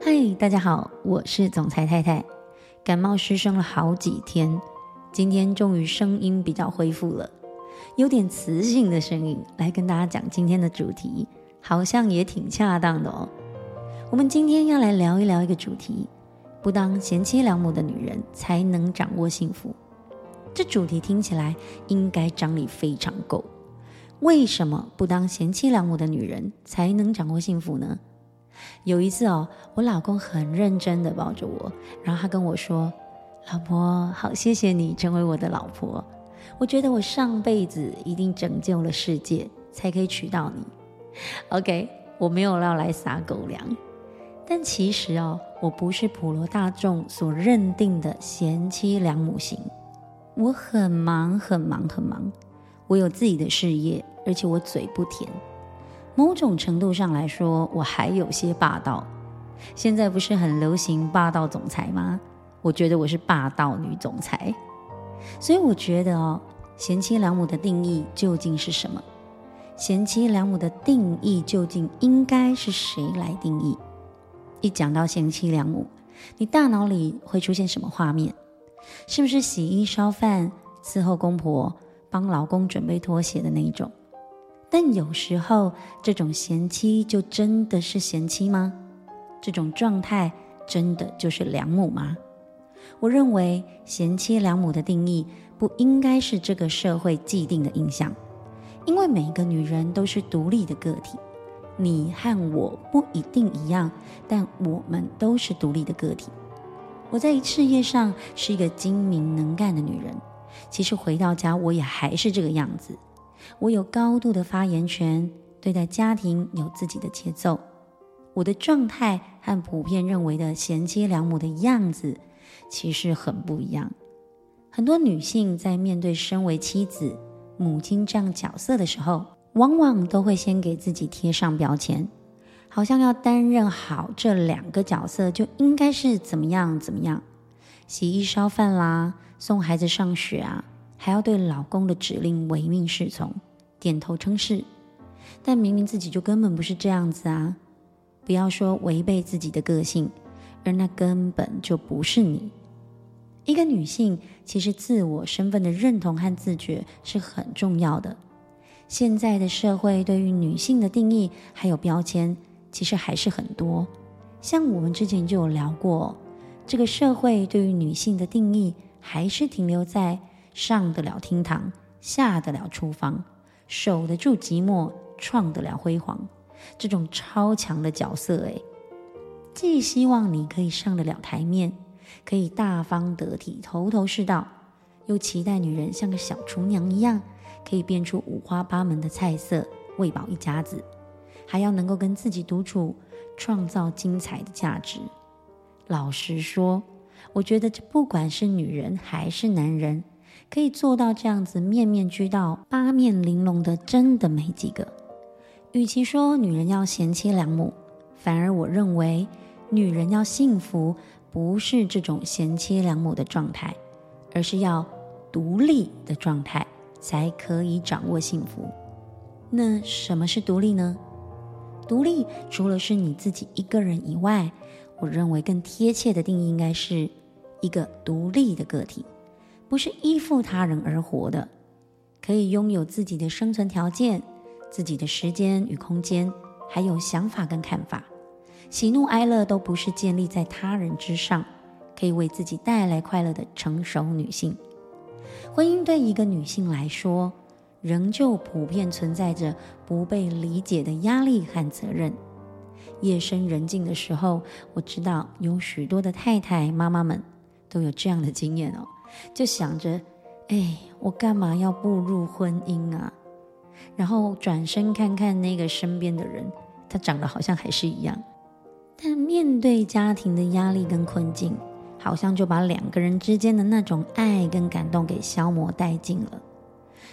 嗨，大家好，我是總裁太太。感冒失聲了好幾天，今天終於聲音比較恢復了，有點磁性的聲音，來跟大家講今天的主題，好像也挺恰當的哦。我們今天要來聊一聊一個主題。不當賢妻良母的女人才能掌握幸福，這主題聽起來應該張力非常夠。為什麼不當賢妻良母的女人才能掌握幸福呢？有一次哦，我老公很認真的抱着我，然後他跟我說：“老婆，好，謝謝你成為我的老婆。我覺得我上輩子一定拯救了世界，才可以娶到你。”OK，我沒有要來撒狗糧，但其實哦。我不是普羅大眾所認定的賢妻良母型，我很忙很忙很忙，我有自己的事業，而且我嘴不甜。某種程度上來說，我還有些霸道。現在不是很流行霸道總裁嗎？我覺得我是霸道女總裁。所以我覺得哦，賢妻良母的定義究竟是什麼？賢妻良母的定義究竟應該是誰來定義？一講到賢妻良母，你大腦裡會出現什麼畫面？是不是洗衣、燒飯、伺候公婆、幫老公準備拖鞋的那一種？但有時候，這種賢妻就真的是賢妻嗎？這種狀態真的就是良母嗎？我認為，賢妻良母的定義不應該是這個社會既定的印象，因為每一個女人都是獨立的個體。你和我不一定一樣，但我們都是獨立的個體。我在事業上是一個精明能乾的女人，其實回到家我也還是這個樣子。我有高度的發言權，對待家庭有自己的節奏。我的狀態和普遍認為的賢妻良母的樣子其實很不一樣。很多女性在面對身為妻子、母親這樣角色的時候，往往都會先給自己貼上標籤，好像要擔任好這兩個角色，就應該是怎麼樣怎麼樣，洗衣燒飯啦，送孩子上學啊，還要對老公的指令唯命是從，點頭稱是。但明明自己就根本不是這樣子啊！不要說違背自己的個性，而那根本就不是你。一個女性其實自我身份的認同和自覺是很重要的。現在的社會對於女性的定義還有標籤，其實還是很多。像我們之前就有聊過，這個社會對於女性的定義還是停留在上得了廳堂、下得了廚房、守得住寂寞、創得了輝煌這種超強的角色。誒。既希望你可以上得了台面，可以大方得體、頭頭是道，又期待女人像個小廚娘一樣。可以變出五花八門的菜色，餵飽一家子，還要能夠跟自己獨處，創造精彩的價值。老實說，我覺得這不管是女人還是男人，可以做到這樣子面面俱到、八面玲瓏的，真的沒幾個。與其說女人要賢妻良母，反而我認為女人要幸福，不是這種賢妻良母的狀態，而是要獨立的狀態，才可以掌握幸福。那什麼是獨立呢？獨立除了是你自己一個人以外，我認為更貼切的定義應該是一個獨立的個體，不是依附他人而活的，可以擁有自己的生存條件、自己的時間與空間，還有想法跟看法，喜怒哀樂都不是建立在他人之上，可以為自己帶來快樂的成熟女性。婚姻對一個女性來說，仍舊普遍存在着不被理解的壓力和責任。夜深人靜的時候，我知道有許多的太太、媽媽們都有這樣的經驗哦，就想着：“哎，我幹嘛要步入婚姻啊？”然後轉身看看那個身邊的人，他長得好像還是一樣。但面對家庭的壓力跟困境，好像就把兩個人之間的那種愛跟感動給消磨殆盡了。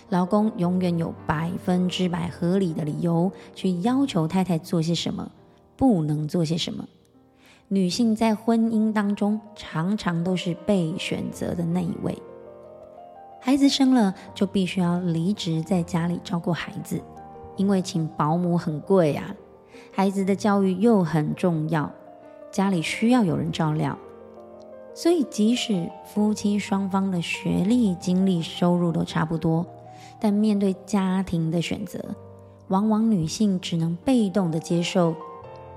老公永遠有百分之百合理的理由去要求太太做些什麼，不能做些什麼。女性在婚姻當中常常都是被選擇的那一位。孩子生了就必須要離職，在家裡照顧孩子，因為請保姆很貴啊。孩子的教育又很重要，家裡需要有人照料。所以，即使夫妻雙方的學歷、經歷、收入都差不多，但面對家庭的選擇，往往女性只能被動地接受。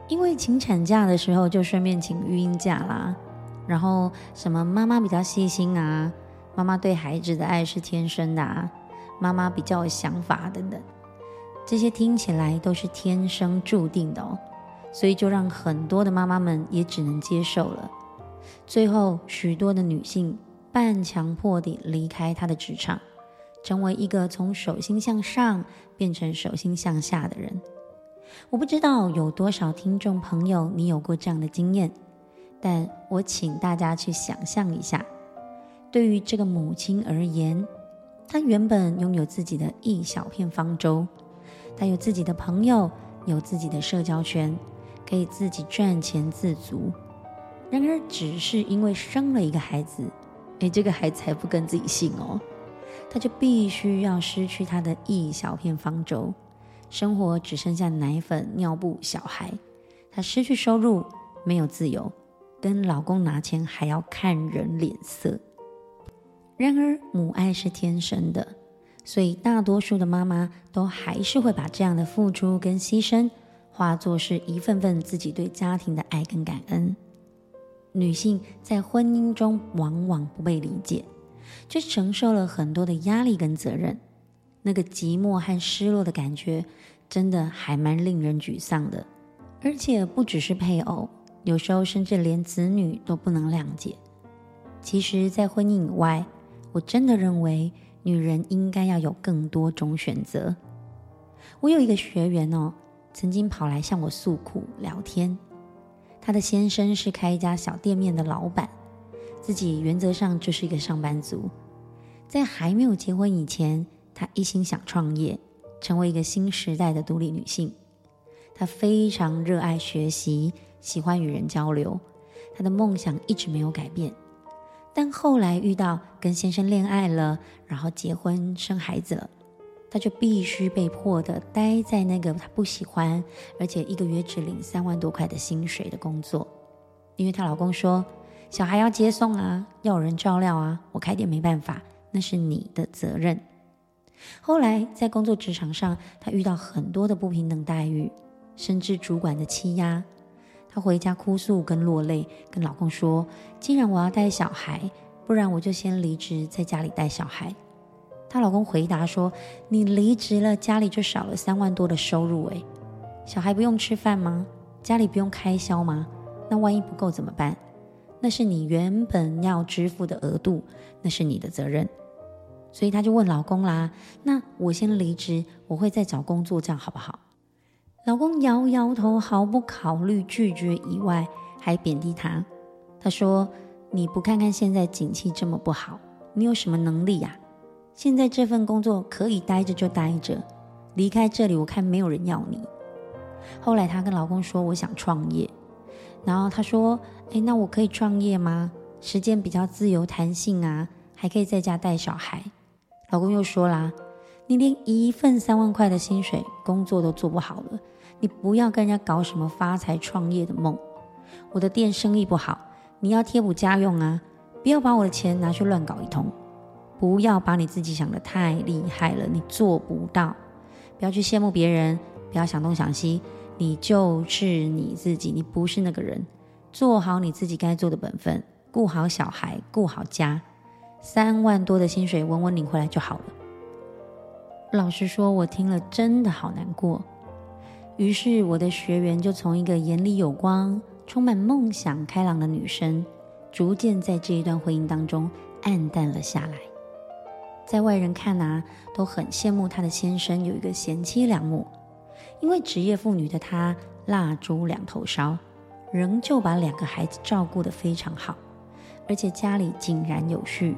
因為請產假的時候，就順便請育嬰假啦。然後，什麼媽媽比較細心啊，媽媽對孩子的愛是天生的啊，媽媽比較有想法等等，這些聽起來都是天生注定的哦。所以，就讓很多的媽媽們也只能接受了。最後，許多的女性半強迫地離開她的職場，成為一個從手心向上變成手心向下的人。我不知道有多少聽眾朋友你有過這樣的經驗，但我請大家去想象一下。對於這個母親而言，她原本擁有自己的一小片方舟，她有自己的朋友，有自己的社交圈，可以自己賺錢自足。然而，只是因為生了一個孩子，誒，這個孩子才不跟自己姓哦，她就必須要失去她的一小片方舟，生活只剩下奶粉、尿布、小孩。她失去收入，沒有自由，跟老公拿錢還要看人臉色。然而，母愛是天生的，所以大多數的媽媽都還是會把這樣的付出跟犧牲，化作是一份份自己對家庭的愛跟感恩。女性在婚姻中往往不被理解，卻承受了很多的壓力跟責任。那個寂寞和失落的感覺，真的還蠻令人沮喪的。而且不只是配偶，有時候甚至連子女都不能諒解。其實，在婚姻以外，我真的認為女人應該要有更多種選擇。我有一個學員哦，曾經跑來向我訴苦聊天。她的先生是開一家小店面的老板，自己原則上就是一個上班族。在還沒有結婚以前，她一心想創業，成為一個新時代的獨立女性。她非常熱愛學習，喜歡與人交流。她的夢想一直沒有改變，但後來遇到跟先生戀愛了，然後結婚生孩子了。她就必須被迫的待在那個她不喜歡，而且一個月只領三萬多塊的薪水的工作，因為她老公說，小孩要接送啊，要有人照料啊，我開店沒辦法，那是你的責任。後來在工作職場上，她遇到很多的不平等待遇，甚至主管的欺壓，她回家哭訴跟落淚，跟老公說：既然我要帶小孩，不然我就先離職，在家裡帶小孩。她老公回答說：“你離職了，家裡就少了三萬多的收入。哎，小孩不用吃飯嗎？家裡不用開銷嗎？那萬一不夠怎麼辦？那是你原本要支付的額度，那是你的責任。所以她就問老公啦：‘那我先離職，我會再找工作，這樣好不好？’老公搖搖頭，毫不考慮拒絕以外，還貶低她。他說：‘你不看看現在景氣這麼不好，你有什麼能力呀、啊？’”現在這份工作可以待着就待着，離開這裡我看沒有人要你。後來她跟老公說：“我想創業。”然後她說：“哎，那我可以創業嗎？時間比較自由彈性啊，還可以在家帶小孩。”老公又說啦：“你連一份三萬塊的薪水工作都做不好了，你不要跟人家搞什麼發財創業的夢。我的店生意不好，你要貼補家用啊，不要把我的錢拿去亂搞一通。”不要把你自己想得太厲害了，你做不到。不要去羨慕別人，不要想東想西，你就是你自己，你不是那個人。做好你自己該做的本分，顧好小孩，顧好家，三萬多的薪水穩穩領回來就好了。老實說，我聽了真的好難過。於是，我的學員就從一個眼裡有光、充滿夢想、開朗的女生，逐漸在這一段婚姻當中黯淡了下來。在外人看啊，都很羨慕她的先生有一個賢妻良母。因為職業婦女的她，蠟燭兩頭燒，仍舊把兩個孩子照顧得非常好，而且家裡井然有序。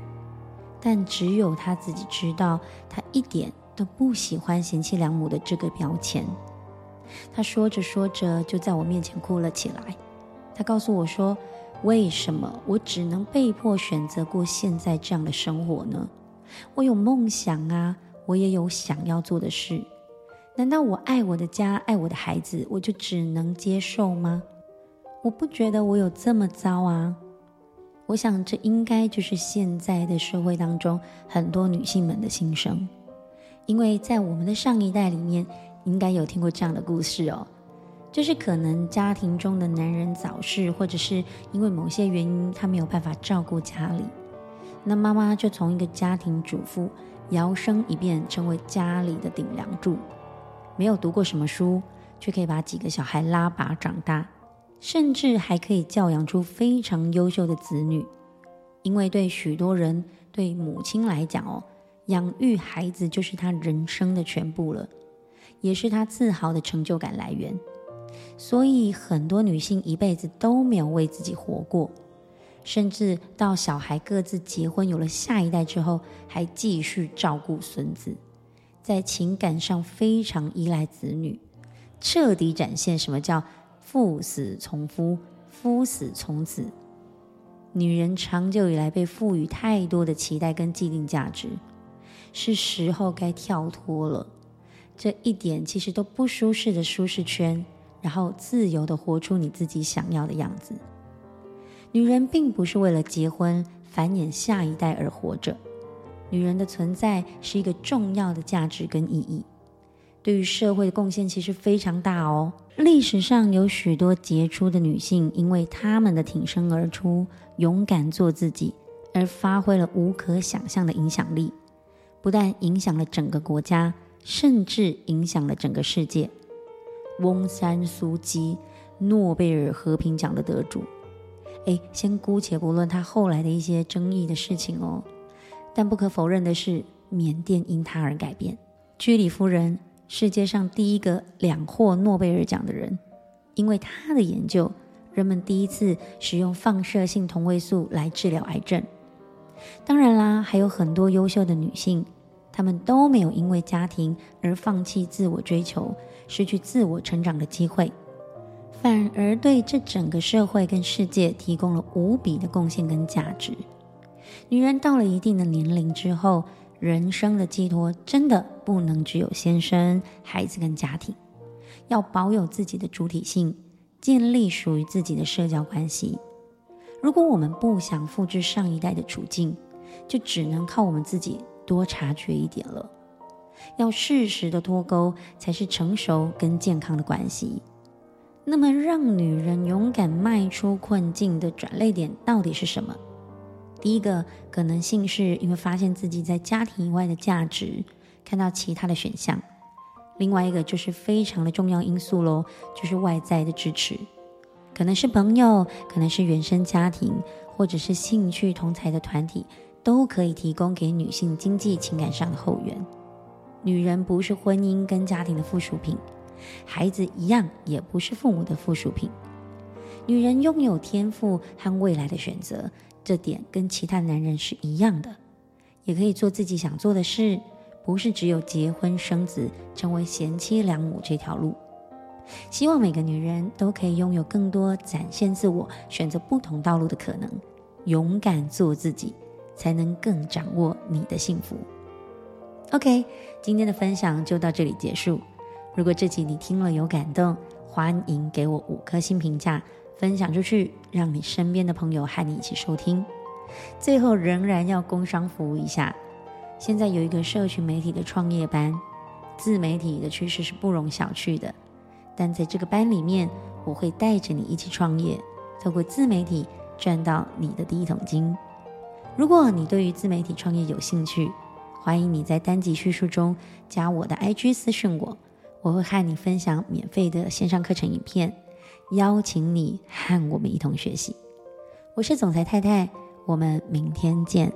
但只有她自己知道，她一點都不喜歡賢妻良母的這個標籤。她說着說着，就在我面前哭了起來。她告訴我說：“為什麼我只能被迫選擇過現在這樣的生活呢？”我有夢想啊，我也有想要做的事。難道我愛我的家，愛我的孩子，我就只能接受嗎？我不覺得我有這麼糟啊。我想，這應該就是現在的社會當中很多女性們的心聲。因為在我們的上一代裡面，應該有聽過這樣的故事哦，就是可能家庭中的男人早逝，或者是因為某些原因，他沒有辦法照顧家裡。那媽媽就從一個家庭主婦搖身一變，成為家裡的頂樑柱，沒有讀過什麼書，卻可以把幾個小孩拉拔長大，甚至還可以教養出非常優秀的子女。因為對許多人，對母親來講哦，養育孩子就是她人生的全部了，也是她自豪的成就感來源。所以很多女性一輩子都沒有為自己活過。甚至到小孩各自結婚有了下一代之後，還繼續照顧孫子，在情感上非常依賴子女，徹底展現什麼叫“父死從夫，夫死從子”。女人長久以來被賦予太多的期待跟既定價值，是時候該跳脫了。這一點其實都不舒適的舒適圈，然後自由的活出你自己想要的樣子。女人並不是為了結婚、繁衍下一代而活着，女人的存在是一個重要的價值跟意義，對於社會的貢獻其實非常大哦。歷史上有許多傑出的女性，因為她們的挺身而出、勇敢做自己，而發揮了無可想象的影響力，不但影響了整個國家，甚至影響了整個世界。翁山蘇姬，諾貝爾和平獎的得主。誒，先姑且不論她後來的一些爭議的事情哦，但不可否認的是，緬甸因她而改變。居里夫人，世界上第一個兩獲諾貝爾獎的人，因為她的研究，人們第一次使用放射性同位素來治療癌症。當然啦，還有很多優秀的女性，她們都沒有因為家庭而放棄自我追求，失去自我成長的機會。反而對這整個社會跟世界提供了無比的貢獻跟價值。女人到了一定的年齡之後，人生的寄託真的不能只有先生、孩子跟家庭，要保有自己的主體性，建立屬於自己的社交關係。如果我們不想複製上一代的處境，就只能靠我們自己多察覺一點了。要適時的脫鈎，才是成熟跟健康的關係。那麼，讓女人勇敢邁出困境的轉捩點到底是什麼？第一個可能性是因為發現自己在家庭以外的價值，看到其他的選項；另外一個就是非常的重要因素嘍，就是外在的支持，可能是朋友，可能是原生家庭，或者是興趣同才的團體，都可以提供給女性經濟、情感上的後援。女人不是婚姻跟家庭的附屬品。孩子一樣也不是父母的附屬品。女人擁有天賦和未來的選擇，這點跟其他男人是一樣的，也可以做自己想做的事，不是只有結婚生子成為賢妻良母這條路。希望每個女人都可以擁有更多展現自我、選擇不同道路的可能，勇敢做自己，才能更掌握你的幸福。OK，今天的分享就到這裡結束。如果這集你聽了有感動，歡迎給我五顆星評價，分享出去，讓你身邊的朋友和你一起收聽。最後，仍然要工商服務一下。現在有一個社群媒體的創業班，自媒體的趨勢是不容小覷的。但在這個班裡面，我會帶着你一起創業，透過自媒體賺到你的第一桶金。如果你對於自媒體創業有興趣，歡迎你在單集敘述中加我的 IG 私訊我。我會和你分享免費的線上課程影片，邀請你和我們一同學習。我是總裁太太，我們明天見。